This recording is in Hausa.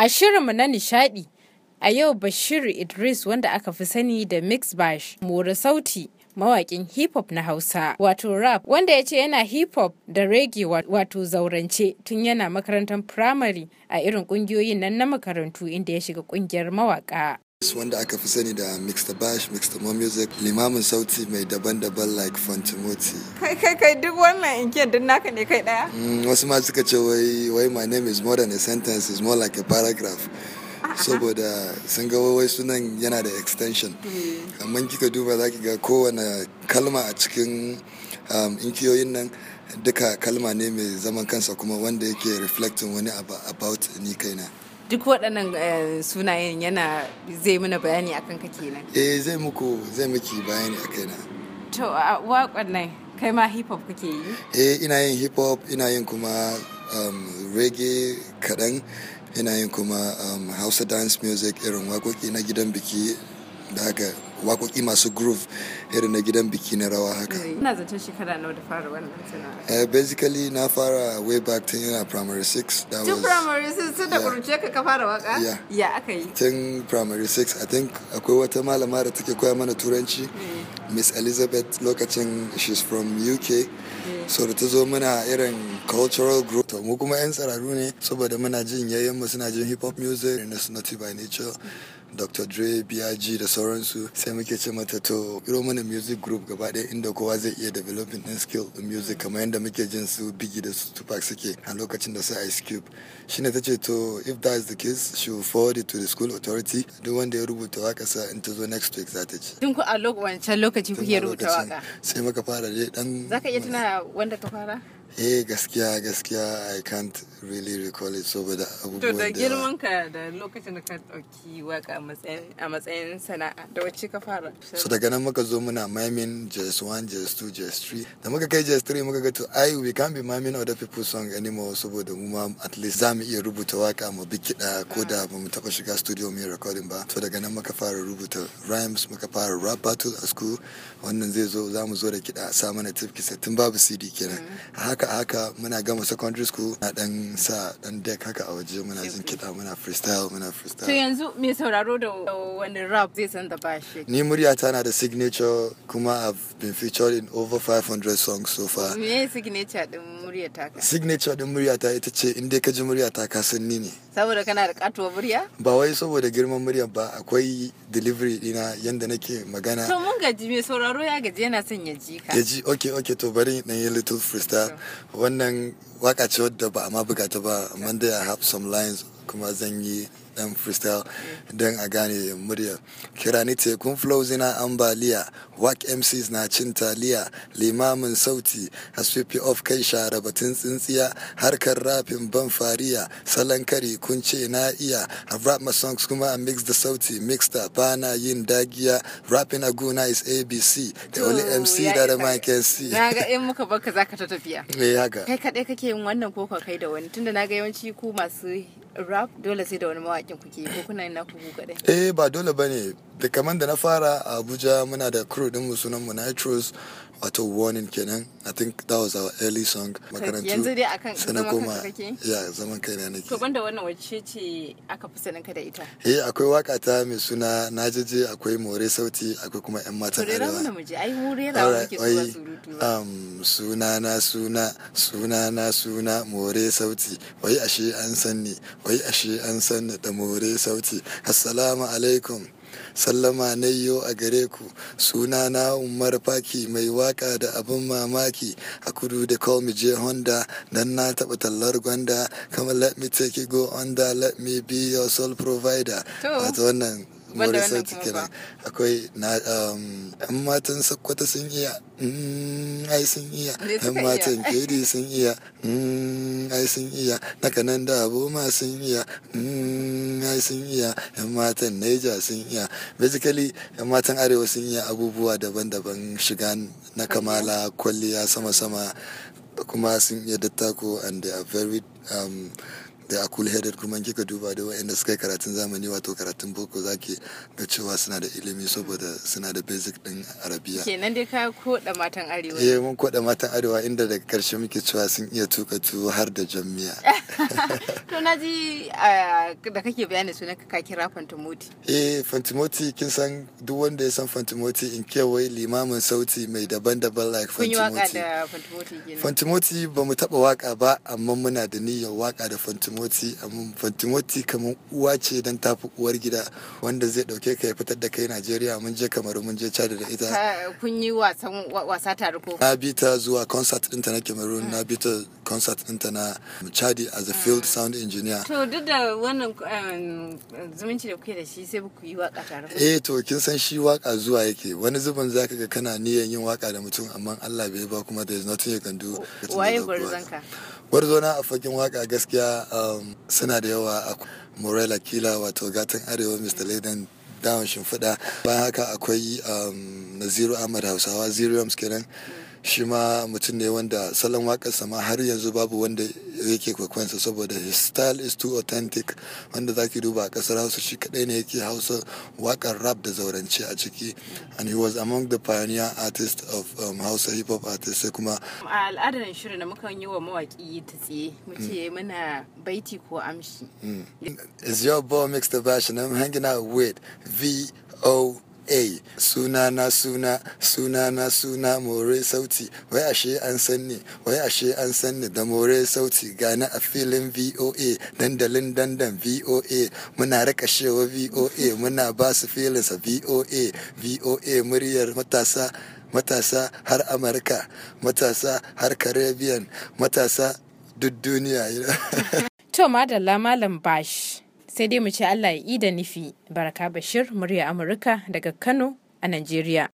A shirinmu na nishadi, a yau Bashir Idris wanda aka fi sani da Mix Bash, more Sauti, mawakin hip hop na Hausa, wato rap, wanda ya ce yana hip hop da reggae wato zaurance tun yana makarantar firamare a irin kungiyoyin nan na makarantu inda ya shiga kungiyar mawaka. wanda aka fi sani da Mr. Bash, Mr. Mo Music, limamin sauti mai daban-daban like Fantimoti. Kai kai kai duk wannan inkiyar duk naka ne kai daya? Mm, wasu ma suka ce wai wai my name is more than a sentence is more like a paragraph. saboda sun ga wai sunan yana da extension hmm. amma kika duba za ki ga kowane kalma a cikin um, inkiyoyin nan duka kalma ne mai zaman kansa kuma wanda yake reflecting wani about ni kaina duk waɗannan eh, sunayen yana zai mana bayani akan ka kenan eh zai muku zai miki bayani a kaina to a waƙon nan kai ma hip hop kake yi eh ina yin hip hop ina yin kuma um, reggae kaɗan ina yin kuma um, hausa dance music irin waƙoƙi na gidan biki da haka wakoki masu groove irin na gidan biki na rawa haka eh, ina zancen shekara nawa da fara wannan sana'a eh, basically na fara way back tun yana primary 6 that tun primary 6 tun da kurce ka ka fara waka ya ya aka yi tun primary 6 i think akwai wata malama da take koya mana turanci eh. miss elizabeth lokacin she's from uk so da ta zo muna irin cultural group to mu kuma 'yan tsararru ne saboda muna jin yayyanmu suna jin hip hop music na snotty by nature dr dre brg da sauransu sai muke ce mata to iro mana music group gaba ɗaya inda kowa zai iya developing din skill the music kamar yadda muke jin su biggie da su tupac suke a lokacin da su ice cube shine ta ce to if that is the case she will forward it to the school authority duk wanda ya rubuta waƙasa in ta zo next week za ta ci. Tun ku a wancan lokacin lokaci kuke rutawa waka sai muka fara dai dan zaka iya tuna wanda ka fara eh gaskiya gaskiya i can't really recall it saboda abubuwan da to da girman ka da lokacin da ka dauki waka a matsayin sana'a da wacce ka fara so daga nan muka zo muna mamin jazz 1 jazz 2 jazz 3 da muka kai jazz 3 muka ga to ai we can't be mamin other people song anymore saboda mu ma at least za mu iya rubuta waka mu bi kiɗa ko da ba mu taɓa shiga studio mu yi recording ba to daga nan muka fara rubuta rhymes muka fara rap battle a school wannan zai zo za mu zo da kiɗa a sa mana tip tun babu cd kenan mm. haka haka muna gama secondary school na dan sa dan deck haka a waje muna jin kiɗa muna freestyle muna freestyle to yanzu me sauraro da wani rap zai san da bashi ni murya ta na da signature kuma i've been featured in over 500 songs so far me signature din murya ta ka signature din murya ta ita ce in dai ka ji murya ta ka san ni ne saboda kana da katuwar murya ba wai saboda girman murya ba akwai delivery dina yanda nake magana to mun gaji me sauraro ya gaji yana son ya ji ka ya ji okay okay to bari dan yi little freestyle wannan waka ce wadda ba a ma buga ba amma dai i have some lines kuma zan yi dan freestyle don a gane murya ni tekun flow na ambaliya wak mcs na cin taliya limamin sauti a sweepy off kai share batun tsintsiya harkar rafin ban fariya salon kari kun ce na iya a rap my songs kuma a mix da sauti mixta bana yin dagiya rapping a guna is abc da wani mc da da mike c oh, na ga in muka baka zaka ta tafiya eh haka kai kadai kake yin wannan ko kai da wani tunda na ga yawanci ku masu rap dole sai da wani mawakin kuke ko kuna yin naku ku Eh ba dole bane Da kamar da na fara a Abuja muna da crew mu sunan mu Nitros wato warning kenan i think that was our early song makarantu yanzu dai akan sana koma ya zaman kai na nake to banda wannan wacce ce aka fi sanin ka da ita eh akwai waka ta mai suna najeje akwai more sauti akwai kuma yan matan arewa rera mana muje ai mu rera surutu um suna na suna suna na suna more sauti wai ashe an sanni wai ashe an sanni da more sauti assalamu alaikum sallama na yo a gare ku suna na umar faki mai waka da abin mamaki a kudu da call me je honda don na taba tallar gwanda kama let me take you go under let me be your sole provider wato wannan ta kira akwai na yan um, matan sakkwata sun iya mm, ai sun iya yan matan kedi sun iya mm, ai sun iya na kanan da aboma sun iya mm, ai sun iya yan matan naija sun iya basically yan matan arewa sun iya abubuwa daban-daban shiga na kamala kwalliya sama-sama kuma sun iya dattako and they are very um, da a cool headed kuma kika duba da wayanda suka yi karatun zamani wato karatun boko zaki ga cewa suna da ilimi saboda suna da basic din arabiya kenan dai ka koda matan arewa eh mun koda matan arewa inda daga karshe muke cewa sun iya tuka tuwo har da jamiya to na ji eh, da kake bayani sunan ka kira fantimoti eh fantimoti kin san duk wanda ya san fantimoti in kewaye limamin sauti mai daban-daban like fantimoti fantimoti ba mu taba waka ba amma muna da niyyar waka da fantimoti fantimoti amma timoti kamar uwa ce don tafi uwar gida wanda zai dauke ka ya fitar da kai Najeriya mun je kamar mun je Chad da ita kun yi wasan wasa tare ko na bi ta zuwa concert din ta na Cameroon na bi ta concert ta na Chadi as a field ah. sound engineer. To duk da wannan um, zumunci da kuke da shi sai ku yi waka tare. Eh to kin san shi waka zuwa yake wani zubin zaka ga kana niyan yin waka da mutum amma Allah bai ba kuma there is nothing you can do. Waye gwarzonka? Gwarzona a fagen waka gaskiya um, suna da yawa a Morella Kila wato gatan arewa Mr. Laden dawon shimfiɗa bayan haka akwai um, naziru ahmad hausawa ziriums kenan shi ma mutum ne wanda salon wakarsa ma har yanzu babu wanda yake kwakwansa saboda his style is too authentic wanda zaki duba a kasar hausa shi kadai ne yake hausa wakar rap da zaurance a ciki and he was among the pioneer artists of um, hausa hip hop artists sai kuma a al'adar shirin da muka yi wa mawaki ta tsiye muke hmm. muna baiti ko amshi hmm. is your boy mixed version i'm hanging out with v o a suna na suna suna na suna more sauti wai ashe an san ni wai ashe an san ni da more sauti gani a filin voa dandalin dandan voa muna shewa voa muna ba su filinsa voa voa muryar matasa matasa har amurka matasa har caribbean matasa duk duniya to madalla malam bashi. Sai dai mu ce Allah ya ida nufi. Baraka Bashir, murya Amurka daga Kano a Najeriya.